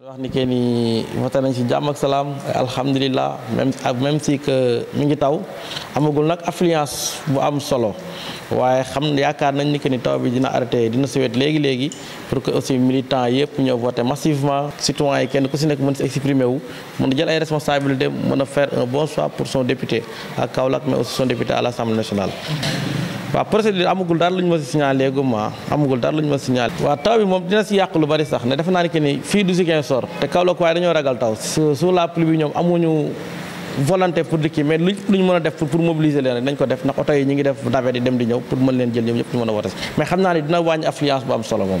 wax ni ke ni wata nañ ci jamm ak salam alhamdullilah même ak même si que mi ngi taw amagul nak affluence bu am solo waye xam yaakar nañ ni ke ni taw bi dina arrêter dina sewet legi legi pour que aussi militants yépp ñoo voter massivement citoyens kenn ku ci nek mën s'exprimer wu mën jël ay responsabilité mën faire eh, un bon choix pour son député à Kaolack mais aussi son député à l'Assemblée nationale waaw procédure amagul dara lu ñu ma si signalé gu ma ah, amagul lu ñu ma signalé waaw taw bi moom dina si yàq lu bari sax ne def naa ne que ni fii du Ziguinchor te Kaolack waaye dañoo ragal taw sous la pluie bi ñoom amuñu volonté pour dikki mais luñ luñ mën a def pour mobiliser leen rek nañ ko def ndax oto yi ñu ngi def navette yi dem di ñëw pour mën leen jël ñoom ñëpp ñu mën a wote mais xam naa ne dina wàññi affluence bu solo moom